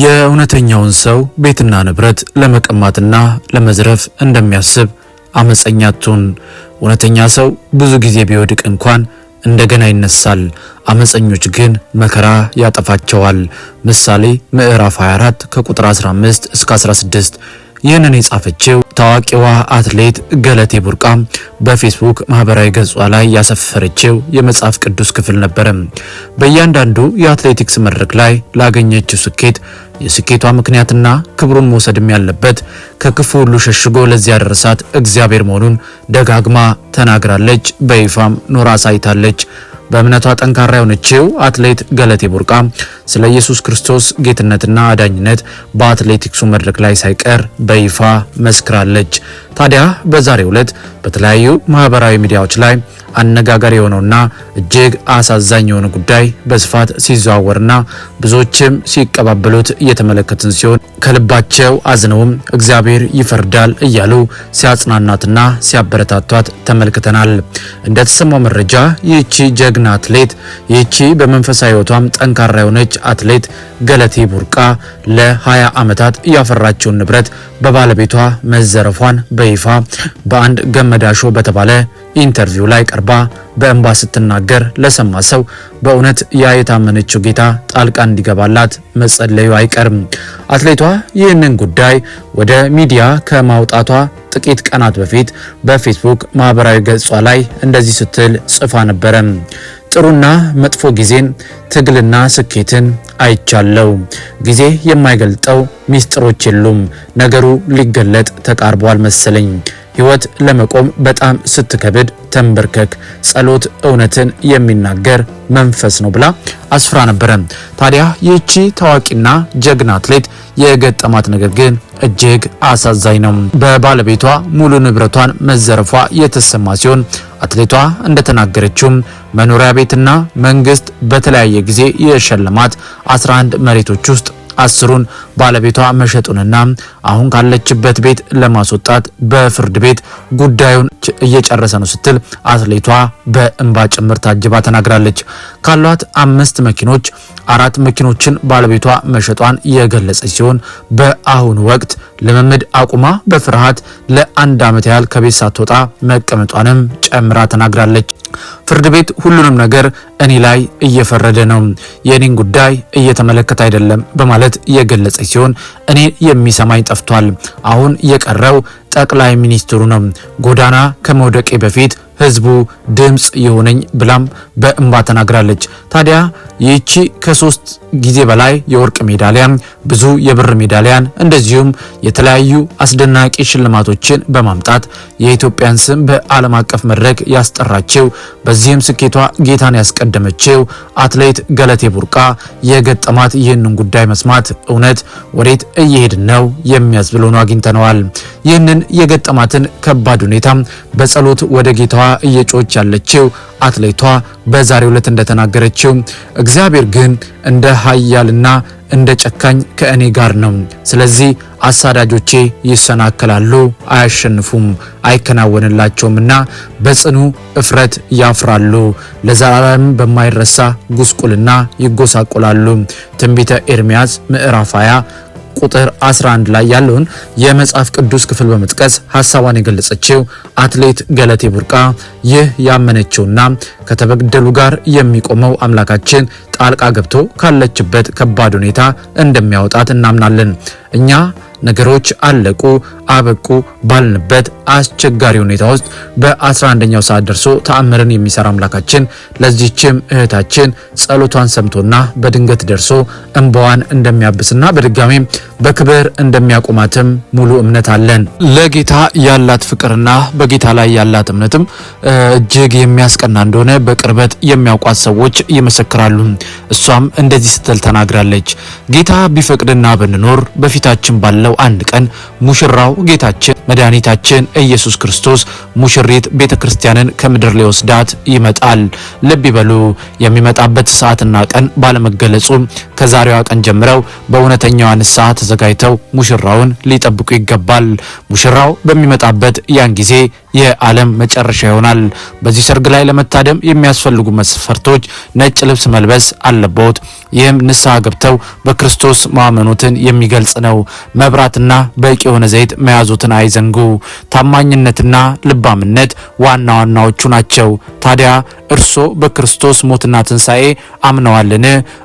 የእውነተኛውን ሰው ቤትና ንብረት ለመቀማትና ለመዝረፍ እንደሚያስብ አመፀኛቱን እውነተኛ ሰው ብዙ ጊዜ ቢወድቅ እንኳን እንደገና ይነሳል። አመፀኞች ግን መከራ ያጠፋቸዋል። ምሳሌ ምዕራፍ 24 ከቁጥር 15 እስከ 16። ይህንን የጻፈችው ታዋቂዋ አትሌት ገለቴ ቡርቃ በፌስቡክ ማህበራዊ ገጿ ላይ ያሰፈረችው የመጽሐፍ ቅዱስ ክፍል ነበር። በእያንዳንዱ የአትሌቲክስ መድረክ ላይ ላገኘችው ስኬት የስኬቷ ምክንያትና ክብሩን መውሰድም ያለበት ከክፉ ሁሉ ሸሽጎ ለዚያ ያደረሳት እግዚአብሔር መሆኑን ደጋግማ ተናግራለች። በይፋም ኖራ አሳይታለች። በእምነቷ ጠንካራ የሆነችው አትሌት ገለቴ ቡርቃ ስለ ኢየሱስ ክርስቶስ ጌትነትና አዳኝነት በአትሌቲክሱ መድረክ ላይ ሳይቀር በይፋ መስክራለች። ታዲያ በዛሬው ዕለት በተለያዩ ማህበራዊ ሚዲያዎች ላይ አነጋጋሪ የሆነውና እጅግ አሳዛኝ የሆነ ጉዳይ በስፋት ሲዘዋወርና ብዙዎችም ሲቀባበሉት እየተመለከትን ሲሆን ከልባቸው አዝነውም እግዚአብሔር ይፈርዳል እያሉ ሲያጽናናትና ሲያበረታቷት ተመልክተናል። እንደተሰማው መረጃ ይህቺ ጀግና አትሌት ይህቺ በመንፈሳዊ ሕይወቷም ጠንካራ የሆነች አትሌት ገለቴ ቡርቃ ለ20 ዓመታት ያፈራችውን ንብረት በባለቤቷ መዘረፏን በይፋ በአንድ ገመዳሾ በተባለ ኢንተርቪው ላይ ቀርባ በእንባ ስትናገር ለሰማ ሰው በእውነት ያ የታመነችው ጌታ ጣልቃ እንዲገባላት መጸለዩ አይቀርም። አትሌቷ ይህንን ጉዳይ ወደ ሚዲያ ከማውጣቷ ጥቂት ቀናት በፊት በፌስቡክ ማህበራዊ ገጿ ላይ እንደዚህ ስትል ጽፋ ነበረ። ጥሩና መጥፎ ጊዜን፣ ትግልና ስኬትን አይቻለው። ጊዜ የማይገልጠው ሚስጥሮች የሉም። ነገሩ ሊገለጥ ተቃርቧል መሰለኝ ሕይወት ለመቆም በጣም ስትከብድ ተንበርከክ፣ ጸሎት እውነትን የሚናገር መንፈስ ነው ብላ አስፍራ ነበረ። ታዲያ ይህቺ ታዋቂና ጀግና አትሌት የገጠማት ነገር ግን እጅግ አሳዛኝ ነው። በባለቤቷ ሙሉ ንብረቷን መዘረፏ የተሰማ ሲሆን አትሌቷ እንደተናገረችውም መኖሪያ ቤትና መንግስት በተለያየ ጊዜ የሸለማት 11 መሬቶች ውስጥ አስሩን ባለቤቷ መሸጡንና አሁን ካለችበት ቤት ለማስወጣት በፍርድ ቤት ጉዳዩን እየጨረሰ ነው ስትል አትሌቷ በእንባ ጭምር ታጅባ ተናግራለች። ካሏት አምስት መኪኖች አራት መኪኖችን ባለቤቷ መሸጧን የገለጸች ሲሆን በአሁኑ ወቅት ልምምድ አቁማ በፍርሃት ለአንድ ዓመት ያህል ከቤት ሳትወጣ መቀመጧንም ጨምራ ተናግራለች። ፍርድ ቤት ሁሉንም ነገር እኔ ላይ እየፈረደ ነው፣ የእኔን ጉዳይ እየተመለከተ አይደለም በማለት የገለጸች ሲሆን እኔ የሚሰማኝ ጠፍቷል፣ አሁን የቀረው ጠቅላይ ሚኒስትሩ ነው። ጎዳና ከመውደቄ በፊት ህዝቡ ድምፅ የሆነኝ ብላም በእንባ ተናግራለች። ታዲያ ይህቺ ከሶስት ጊዜ በላይ የወርቅ ሜዳሊያ፣ ብዙ የብር ሜዳሊያን እንደዚሁም የተለያዩ አስደናቂ ሽልማቶችን በማምጣት የኢትዮጵያን ስም በዓለም አቀፍ መድረክ ያስጠራችው በዚህም ስኬቷ ጌታን ያስቀደመችው አትሌት ገለቴ ቡርቃ የገጠማት ይህንን ጉዳይ መስማት እውነት ወዴት እየሄድን ነው የሚያስብለውን አግኝተነዋል። ይህንን የገጠማትን ከባድ ሁኔታ በጸሎት ወደ ጌታዋ እየጮች ያለችው አትሌቷ በዛሬው ዕለት እንደተናገረችው እግዚአብሔር ግን እንደ ኃያልና እንደ ጨካኝ ከእኔ ጋር ነው። ስለዚህ አሳዳጆቼ ይሰናከላሉ፣ አያሸንፉም፣ አይከናወንላቸውምና በጽኑ እፍረት ያፍራሉ፣ ለዘላለም በማይረሳ ጉስቁልና ይጎሳቆላሉ። ትንቢተ ኤርምያስ ምዕራፍ 20 ቁጥር 11 ላይ ያለውን የመጽሐፍ ቅዱስ ክፍል በመጥቀስ ሀሳቧን የገለጸችው አትሌት ገለቴ ቡርቃ ይህ ያመነችውና ከተበደሉ ጋር የሚቆመው አምላካችን ጣልቃ ገብቶ ካለችበት ከባድ ሁኔታ እንደሚያወጣት እናምናለን። እኛ ነገሮች አለቁ አበቁ ባልንበት አስቸጋሪ ሁኔታ ውስጥ በ11ኛው ሰዓት ደርሶ ተአምርን የሚሰራ አምላካችን ለዚችም እህታችን ጸሎቷን ሰምቶና በድንገት ደርሶ እንባዋን እንደሚያብስና በድጋሜም በክብር እንደሚያቆማትም ሙሉ እምነት አለን። ለጌታ ያላት ፍቅርና በጌታ ላይ ያላት እምነትም እጅግ የሚያስቀና እንደሆነ በቅርበት የሚያውቋት ሰዎች ይመሰክራሉ። እሷም እንደዚህ ስትል ተናግራለች። ጌታ ቢፈቅድና ብንኖር በፊታችን ባለው አንድ ቀን ሙሽራው ጌታችን መድኃኒታችን ኢየሱስ ክርስቶስ ሙሽሪት ቤተ ክርስቲያንን ከምድር ሊወስዳት ይመጣል። ልብ ይበሉ። የሚመጣበት ሰዓትና ቀን ባለመገለጹ ከዛሬዋ ቀን ጀምረው በእውነተኛዋ ንስሐ ተዘጋጅተው ሙሽራውን ሊጠብቁ ይገባል። ሙሽራው በሚመጣበት ያን ጊዜ የዓለም መጨረሻ ይሆናል። በዚህ ሰርግ ላይ ለመታደም የሚያስፈልጉ መስፈርቶች ነጭ ልብስ መልበስ አለቦት። ይህም ንስሐ ገብተው በክርስቶስ ማመኖትን የሚገልጽ ነው። መብራትና በቂ የሆነ ዘይት መያዙትን አይዘንጉ። ታማኝነትና ልባምነት ዋና ዋናዎቹ ናቸው። ታዲያ እርሶ በክርስቶስ ሞትና ትንሣኤ አምነዋልን?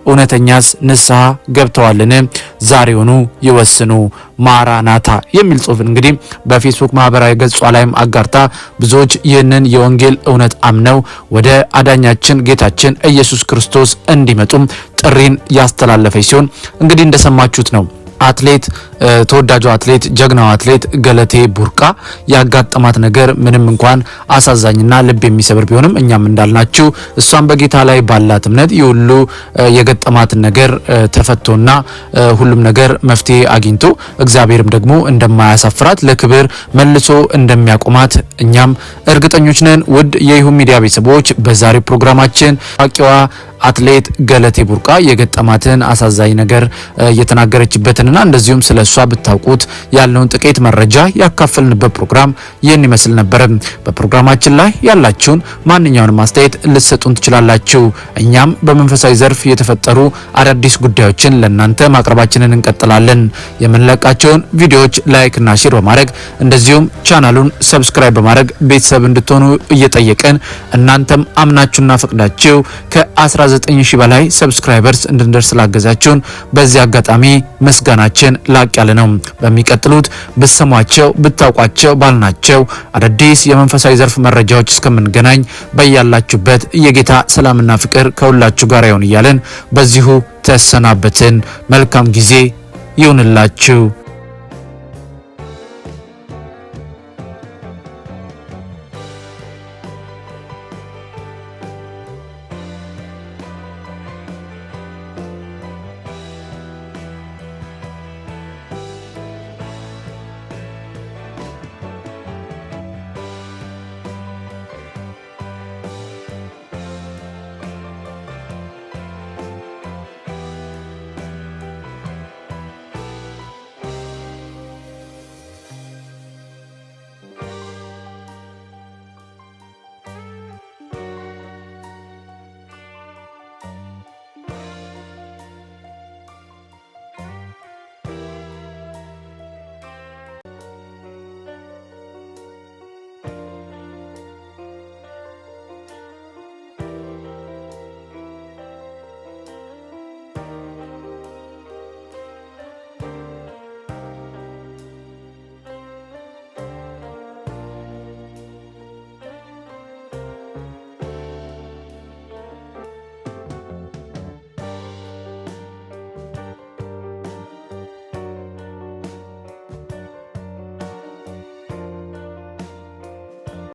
እውነተኛስ ንስሐ ገብተዋልን? ዛሬውኑ ይወስኑ። ማራናታ የሚል ጽሁፍ እንግዲህ በፌስቡክ ማህበራዊ ገጿ ላይም አጋርታ ብዙዎች ይህንን የወንጌል እውነት አምነው ወደ አዳኛችን ጌታችን ኢየሱስ ክርስቶስ እንዲመጡም ጥሪን ያስተላለፈች ሲሆን እንግዲህ እንደሰማችሁት ነው። አትሌት ተወዳጁ አትሌት ጀግናዋ አትሌት ገለቴ ቡርቃ ያጋጠማት ነገር ምንም እንኳን አሳዛኝና ልብ የሚሰብር ቢሆንም እኛም እንዳልናችሁ እሷን በጌታ ላይ ባላት እምነት የሁሉ የገጠማትን ነገር ተፈቶና ሁሉም ነገር መፍትሄ አግኝቶ እግዚአብሔርም ደግሞ እንደማያሳፍራት ለክብር መልሶ እንደሚያቆማት እኛም እርግጠኞች ነን። ውድ የይሁን ሚዲያ ቤተሰቦች በዛሬው ፕሮግራማችን ታዋቂዋ አትሌት ገለቴ ቡርቃ የገጠማትን አሳዛኝ ነገር እየተናገረችበትን ታሪኳንና እንደዚሁም ስለ እሷ ብታውቁት ያለውን ጥቂት መረጃ ያካፈልንበት ፕሮግራም ይህን ይመስል ነበር። በፕሮግራማችን ላይ ያላችሁን ማንኛውንም አስተያየት ልትሰጡን ትችላላችሁ። እኛም በመንፈሳዊ ዘርፍ የተፈጠሩ አዳዲስ ጉዳዮችን ለእናንተ ማቅረባችንን እንቀጥላለን። የምንለቃቸውን ቪዲዮዎች ላይክ እና ሼር በማድረግ እንደዚሁም ቻናሉን ሰብስክራይብ በማድረግ ቤተሰብ እንድትሆኑ እየጠየቅን እናንተም አምናችሁና ፈቅዳችሁ ከ19 ሺ በላይ ሰብስክራይበርስ እንድንደርስ ስላገዛችሁን በዚህ አጋጣሚ ምስጋና ምስጋናችን ላቅ ያለ ነው። በሚቀጥሉት ብትሰሟቸው ብታውቋቸው ባልናቸው አዳዲስ የመንፈሳዊ ዘርፍ መረጃዎች እስከምንገናኝ በያላችሁበት የጌታ ሰላምና ፍቅር ከሁላችሁ ጋር ይሁን እያለን በዚሁ ተሰናበትን። መልካም ጊዜ ይሁንላችሁ።